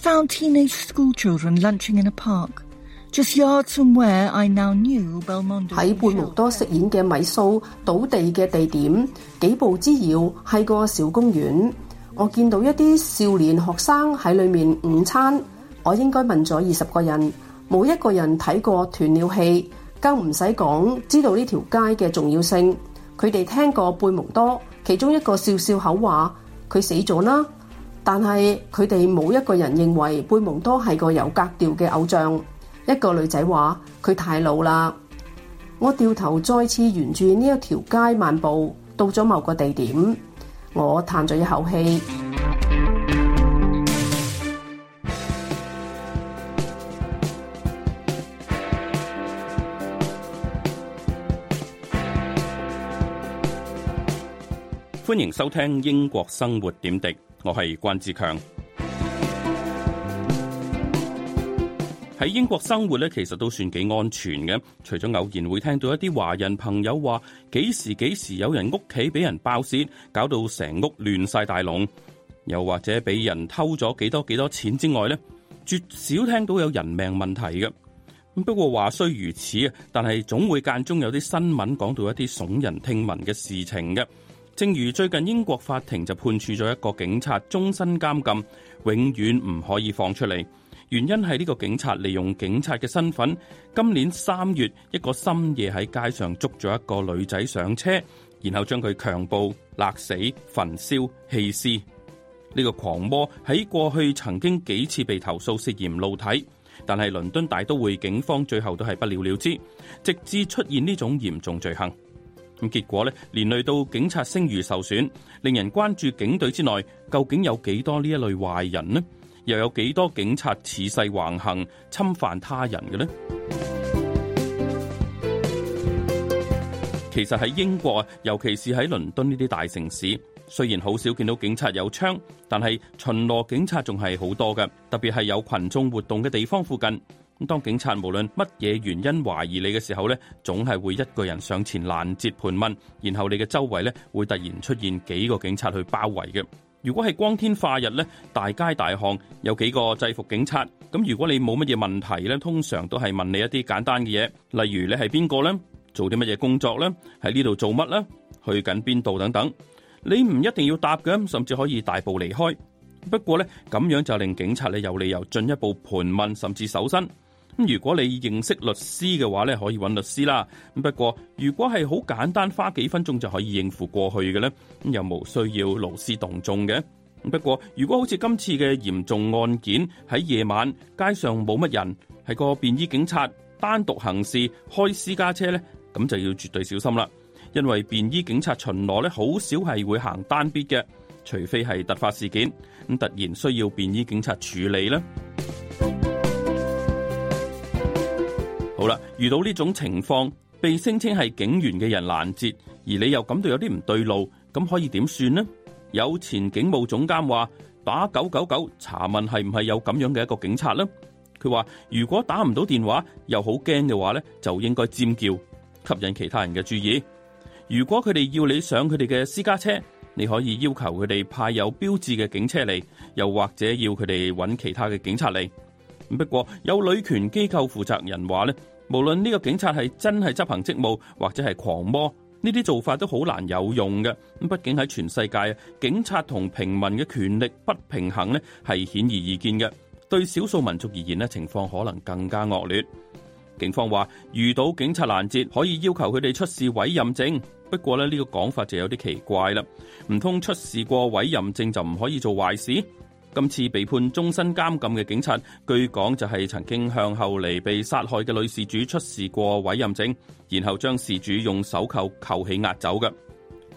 貝蒙多飾演嘅米蘇倒地嘅地點幾步之遙係個小公園。我見到一啲少年學生喺裏面午餐。我應該問咗二十個人，冇一個人睇過斷了氣，更唔使講知道呢條街嘅重要性。佢哋聽過貝蒙多，其中一個笑笑口話：佢死咗啦。但係佢哋冇一個人認為貝蒙多係個有格調嘅偶像。一個女仔話：佢太老啦。我掉頭再次沿住呢一條街漫步，到咗某個地點，我嘆咗一口氣。歡迎收聽英國生活點滴，我係關志強。喺 英國生活咧，其實都算幾安全嘅。除咗偶然會聽到一啲華人朋友話幾時幾時有人屋企俾人爆竊，搞到成屋亂晒大龍，又或者俾人偷咗幾多幾多錢之外呢，絕少聽到有人命問題嘅。不過話雖如此啊，但係總會間中有啲新聞講到一啲聳人聽聞嘅事情嘅。正如最近英國法庭就判處咗一個警察終身監禁，永遠唔可以放出嚟。原因係呢個警察利用警察嘅身份，今年三月一個深夜喺街上捉咗一個女仔上車，然後將佢強暴、勒死、焚燒、棄屍。呢個狂魔喺過去曾經幾次被投訴涉嫌露體，但係倫敦大都會警方最後都係不了了之，直至出現呢種嚴重罪行。咁結果咧，連累到警察聲譽受損，令人關注警隊之內究竟有幾多呢一類壞人呢？又有幾多警察恃勢橫行、侵犯他人嘅呢？ 其實喺英國啊，尤其是喺倫敦呢啲大城市，雖然好少見到警察有槍，但係巡邏警察仲係好多嘅，特別係有群眾活動嘅地方附近。咁當警察無論乜嘢原因懷疑你嘅時候呢總係會一個人上前攔截盤問，然後你嘅周圍呢會突然出現幾個警察去包圍嘅。如果係光天化日呢，大街大巷有幾個制服警察。咁如果你冇乜嘢問題呢，通常都係問你一啲簡單嘅嘢，例如你係邊個呢？做啲乜嘢工作呢？喺呢度做乜呢？去緊邊度等等。你唔一定要答嘅，甚至可以大步離開。不過呢，咁樣就令警察你有理由進一步盤問，甚至搜身。咁如果你認識律師嘅話咧，可以揾律師啦。不過，如果係好簡單，花幾分鐘就可以應付過去嘅呢，又冇需要勞師動眾嘅。不過，如果好似今次嘅嚴重案件喺夜晚街上冇乜人，係個便衣警察單獨行事開私家車呢，咁就要絕對小心啦。因為便衣警察巡邏呢，好少係會行單邊嘅，除非係突發事件咁突然需要便衣警察處理呢。好啦，遇到呢種情況，被聲稱係警員嘅人攔截，而你又感到有啲唔對路，咁可以點算呢？有前警務總監話，打九九九查問係唔係有咁樣嘅一個警察呢？佢話如果打唔到電話，又好驚嘅話呢，就應該尖叫，吸引其他人嘅注意。如果佢哋要你上佢哋嘅私家車，你可以要求佢哋派有標誌嘅警車嚟，又或者要佢哋揾其他嘅警察嚟。不過，有女權機構負責人話咧，無論呢個警察係真係執行職務，或者係狂魔，呢啲做法都好難有用嘅。咁畢竟喺全世界，警察同平民嘅權力不平衡咧，係顯而易見嘅。對少數民族而言咧，情況可能更加惡劣。警方話遇到警察攔截，可以要求佢哋出示委任證。不過咧，呢個講法就有啲奇怪啦。唔通出示過委任證就唔可以做壞事？今次被判終身監禁嘅警察，據講就係曾經向後嚟被殺害嘅女事主出示過委任證，然後將事主用手銬扣起押走嘅。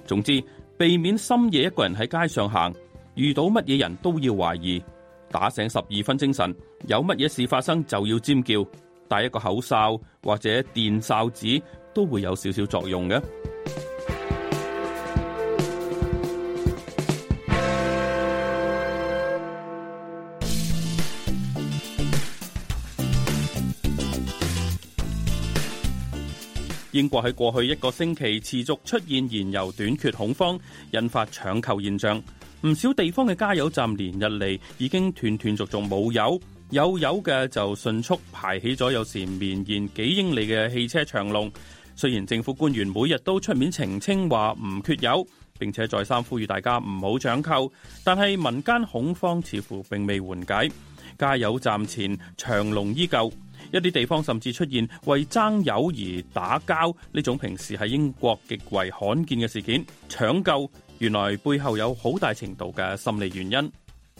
總之，避免深夜一個人喺街上行，遇到乜嘢人都要懷疑，打醒十二分精神，有乜嘢事發生就要尖叫，戴一個口哨或者電哨子都會有少少作用嘅。英國喺過去一個星期持續出現燃油短缺恐慌，引發搶購現象。唔少地方嘅加油站連日嚟，已經斷斷續續冇油，有油嘅就迅速排起咗，有時綿延幾英里嘅汽車長龍。雖然政府官員每日都出面澄清話唔缺油，並且再三呼籲大家唔好搶購，但係民間恐慌似乎並未緩解，加油站前長龍依舊。一啲地方甚至出現為爭友而打交呢種平時喺英國極為罕見嘅事件，搶救原來背後有好大程度嘅心理原因。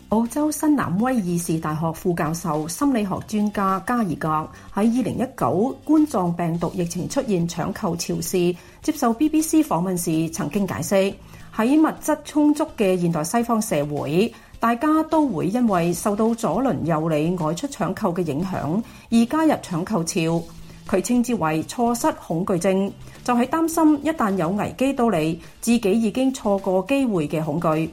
澳洲新南威爾士大學副教授、心理學專家加爾格喺二零一九冠狀病毒疫情出現搶購潮時，接受 BBC 訪問時曾經解釋：喺物質充足嘅現代西方社會。大家都會因為受到左鄰右里外出搶購嘅影響而加入搶購潮，佢稱之為錯失恐懼症，就係擔心一旦有危機到嚟，自己已經錯過機會嘅恐懼，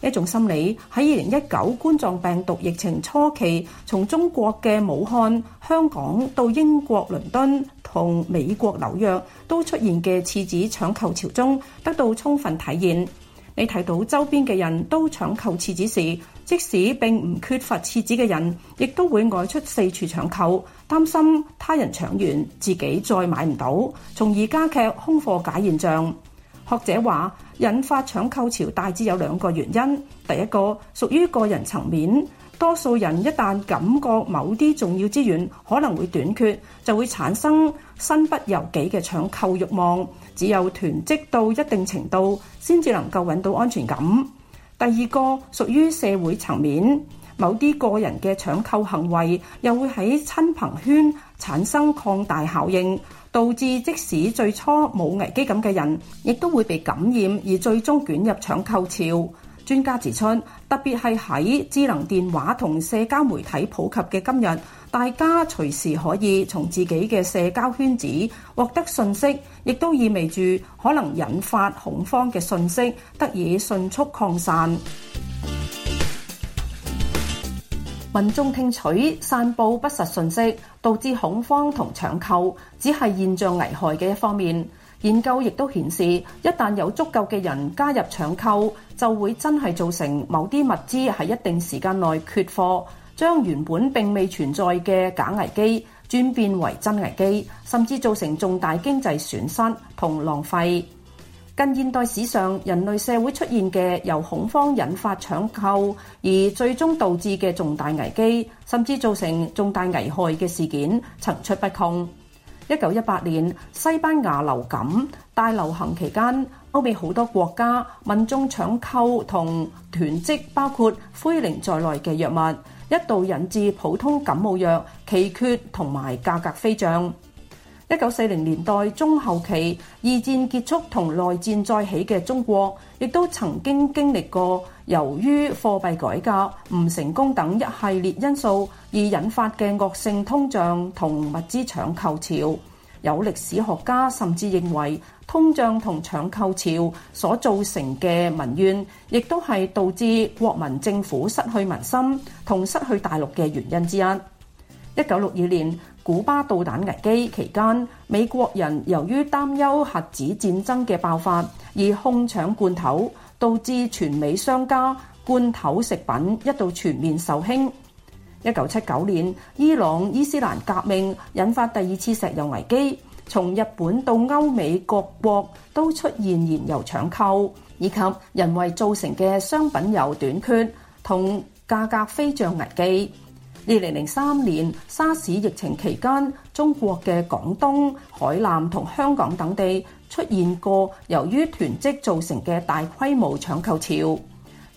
一種心理喺二零一九冠狀病毒疫情初期，從中國嘅武漢、香港到英國倫敦同美國紐約都出現嘅廁紙搶購潮中得到充分體現。你睇到周邊嘅人都搶購廁紙時，即使並唔缺乏廁紙嘅人，亦都會外出四處搶購，擔心他人搶完自己再買唔到，從而加劇空貨假現象。學者話，引發搶購潮大致有兩個原因。第一個屬於個人層面，多數人一旦感覺某啲重要資源可能會短缺，就會產生身不由己嘅搶購欲望。只有囤積到一定程度，先至能夠揾到安全感。第二個屬於社會層面，某啲個人嘅搶購行為又會喺親朋圈產生擴大效應，導致即使最初冇危機感嘅人，亦都會被感染而最終捲入搶購潮。專家指出，特別係喺智能電話同社交媒體普及嘅今日。大家隨時可以從自己嘅社交圈子獲得信息，亦都意味住可能引發恐慌嘅信息得以迅速擴散。民眾聽取、散佈不實信息，導致恐慌同搶購，只係現象危害嘅一方面。研究亦都顯示，一旦有足夠嘅人加入搶購，就會真係造成某啲物資喺一定時間內缺貨。將原本並未存在嘅假危機轉變為真危機，甚至造成重大經濟損失同浪費。近現代史上，人類社會出現嘅由恐慌引發搶購，而最終導致嘅重大危機，甚至造成重大危害嘅事件，層出不窮。一九一八年西班牙流感大流行期間，歐美好多國家民眾搶購同囤積，包括奎寧在內嘅藥物。一度引致普通感冒藥奇缺同埋價格飛漲。一九四零年代中後期，二戰結束同內戰再起嘅中國，亦都曾經經歷過由於貨幣改革唔成功等一系列因素而引發嘅惡性通脹同物資搶購潮。有歷史學家甚至認為，通脹同搶購潮所造成嘅民怨，亦都係導致國民政府失去民心同失去大陸嘅原因之一。一九六二年古巴導彈危機期間，美國人由於擔憂核子戰爭嘅爆發而哄搶罐頭，導致全美商家罐頭食品一度全面售罄。一九七九年，伊朗伊斯蘭革命引發第二次石油危機，從日本到歐美各國都出現燃油搶購以及人為造成嘅商品油短缺同價格飛漲危機。二零零三年沙士疫情期間中國嘅廣東海南同香港等地出現過由於囤積造成嘅大規模搶購潮。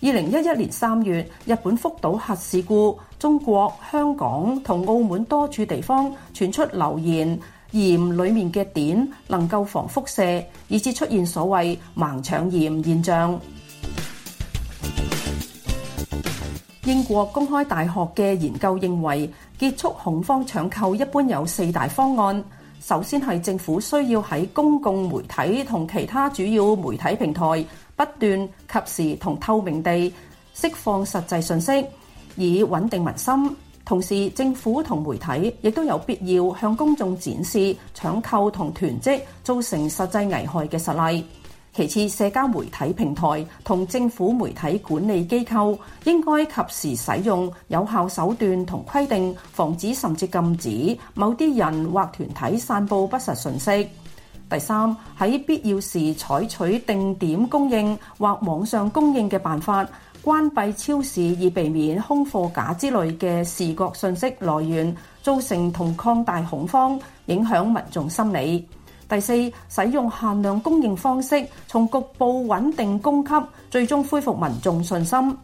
二零一一年三月，日本福島核事故。中國香港同澳門多處地方傳出流言，鹽裡面嘅碘能夠防輻射，以致出現所謂盲搶鹽現象。英國公開大學嘅研究認為，結束恐慌搶購一般有四大方案。首先係政府需要喺公共媒體同其他主要媒體平台不斷、及時同透明地釋放實際信息。以穩定民心，同時政府同媒體亦都有必要向公眾展示搶購同囤積造成實際危害嘅實例。其次，社交媒體平台同政府媒體管理機構應該及時使用有效手段同規定，防止甚至禁止某啲人或團體散佈不實信息。第三，喺必要時採取定點供應或網上供應嘅辦法，關閉超市，以避免空貨架之類嘅視覺信息來源，造成同擴大恐慌，影響民眾心理。第四，使用限量供應方式，從局部穩定供給，最終恢復民眾信心。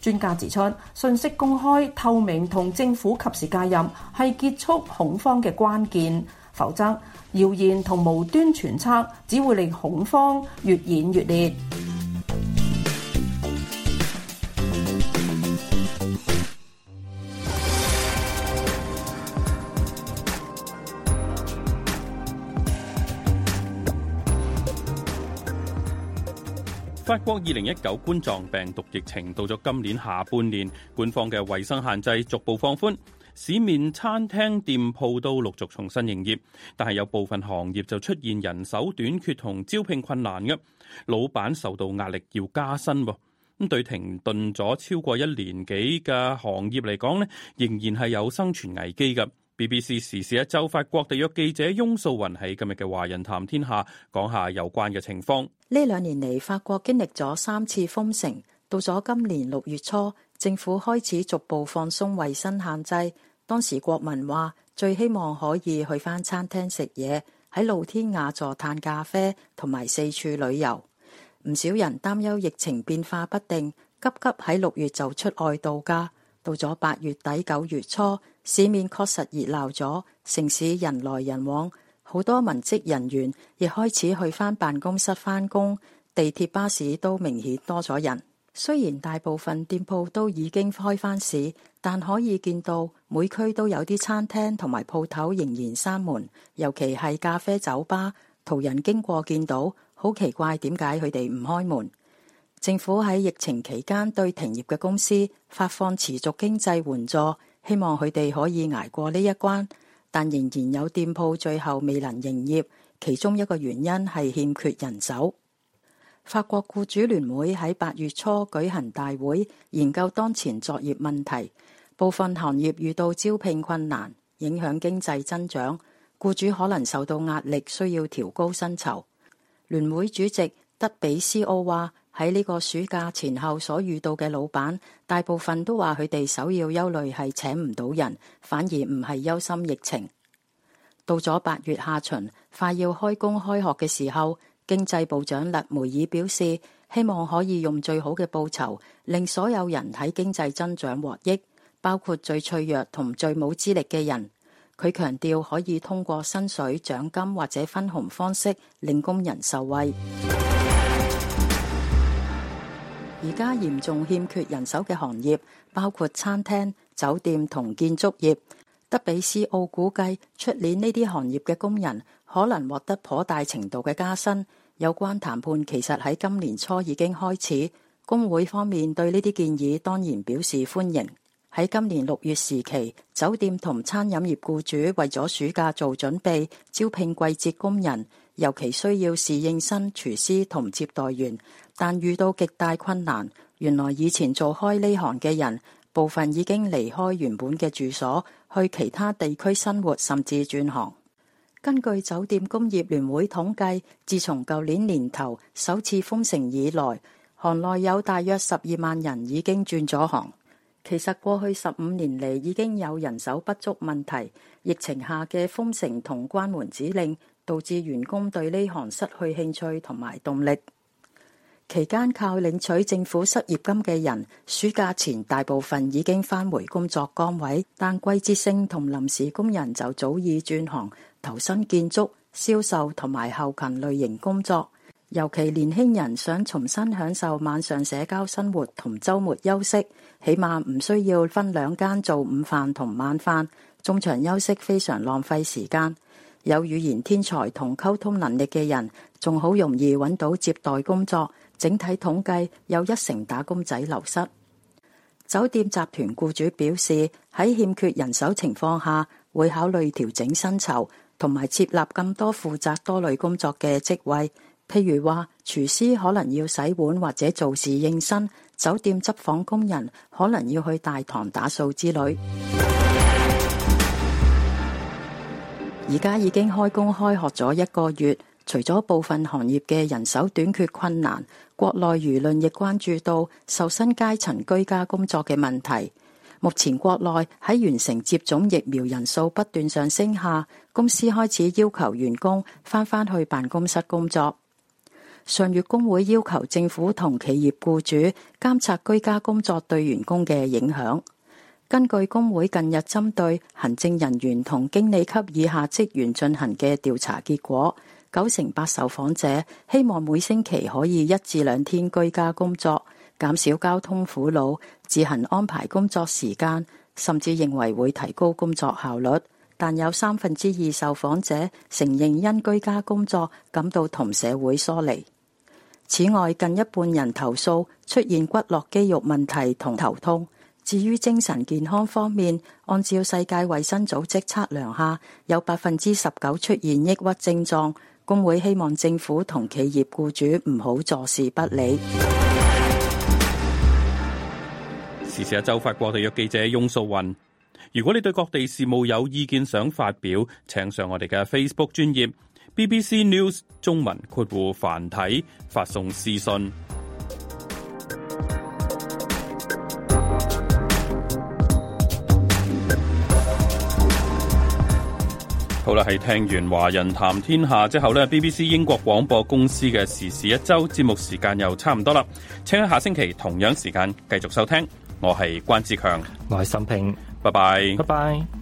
專家指出，信息公開、透明同政府及時介入係結束恐慌嘅關鍵，否則謠言同無端揣測只會令恐慌越演越烈。法國二零一九冠狀病毒疫情到咗今年下半年，官方嘅衛生限制逐步放寬，市面餐廳店鋪都陸續重新營業，但係有部分行業就出現人手短缺同招聘困難嘅，老闆受到壓力要加薪喎。咁對停頓咗超過一年幾嘅行業嚟講呢，仍然係有生存危機噶。BBC 時事一周法國地約記者翁素云喺今日嘅《華人談天下》講下有關嘅情況。呢兩年嚟，法國經歷咗三次封城，到咗今年六月初，政府開始逐步放鬆衛生限制。當時國民話最希望可以去返餐廳食嘢，喺露天雅座嘆咖啡，同埋四處旅遊。唔少人擔憂疫情變化不定，急急喺六月就出外度假。到咗八月底九月初，市面確實熱鬧咗，城市人來人往，好多文職人員亦開始去返辦公室返工，地鐵、巴士都明顯多咗人。雖然大部分店鋪都已經開翻市，但可以見到每區都有啲餐廳同埋鋪頭仍然閂門，尤其係咖啡酒吧。途人經過見到，好奇怪，點解佢哋唔開門？政府喺疫情期間對停業嘅公司發放持續經濟援助。希望佢哋可以捱過呢一關，但仍然有店鋪最後未能營業。其中一個原因係欠缺人手。法國僱主聯會喺八月初舉行大會，研究當前作業問題。部分行業遇到招聘困難，影響經濟增長，僱主可能受到壓力，需要調高薪酬。聯會主席德比斯奧話。喺呢個暑假前後所遇到嘅老闆，大部分都話佢哋首要憂慮係請唔到人，反而唔係憂心疫情。到咗八月下旬，快要開工開學嘅時候，經濟部長勒梅爾表示，希望可以用最好嘅報酬，令所有人喺經濟增長獲益，包括最脆弱同最冇資歷嘅人。佢強調可以通過薪水、獎金或者分紅方式，令工人受惠。而家嚴重欠缺人手嘅行業，包括餐廳、酒店同建築業。德比斯奧估計，出年呢啲行業嘅工人可能獲得頗大程度嘅加薪。有關談判其實喺今年初已經開始，工會方面對呢啲建議當然表示歡迎。喺今年六月時期，酒店同餐飲業僱主為咗暑假做準備，招聘季節工人。尤其需要侍應生廚師同接待員，但遇到極大困難。原來以前做開呢行嘅人，部分已經離開原本嘅住所，去其他地區生活，甚至轉行。根據酒店工業聯會統計，自從舊年年頭首次封城以來，行內有大約十二萬人已經轉咗行。其實過去十五年嚟已經有人手不足問題，疫情下嘅封城同關門指令。導致員工對呢行失去興趣同埋動力。期間靠領取政府失業金嘅人，暑假前大部分已經返回工作崗位，但季節性同臨時工人就早已轉行投身建築、銷售同埋後勤類型工作。尤其年輕人想重新享受晚上社交生活同周末休息，起碼唔需要分兩間做午飯同晚飯，中場休息非常浪費時間。有語言天才同溝通能力嘅人，仲好容易揾到接待工作。整體統計有一成打工仔流失。酒店集團僱主表示，喺欠缺人手情況下，會考慮調整薪酬，同埋設立更多負責多類工作嘅職位。譬如話，廚師可能要洗碗或者做侍應生；酒店執房工人可能要去大堂打掃之類。而家已經開工開學咗一個月，除咗部分行業嘅人手短缺困難，國內輿論亦關注到受薪階層居家工作嘅問題。目前國內喺完成接種疫苗人數不斷上升下，公司開始要求員工返返去辦公室工作。上月工會要求政府同企業僱主監察居家工作對員工嘅影響。根據工會近日針對行政人員同經理級以下職員進行嘅調查結果，九成八受訪者希望每星期可以一至兩天居家工作，減少交通苦惱，自行安排工作時間，甚至認為會提高工作效率。但有三分之二受訪者承認因居家工作感到同社會疏離。此外，近一半人投訴出現骨骼肌肉問題同頭痛。至於精神健康方面，按照世界衛生組織測量下，有百分之十九出現抑鬱症狀。工會希望政府同企業僱主唔好坐視不理。時事一周法國，我哋約記者翁素云。如果你對各地事務有意見想發表，請上我哋嘅 Facebook 專頁 BBC News 中文括弧繁體發送私信。好啦，係聽完華人談天下之後呢 BBC 英國廣播公司嘅時事一周節目時間又差唔多啦，請喺下星期同樣時間繼續收聽，我係關志強，我係沈平，拜拜 bye，拜拜。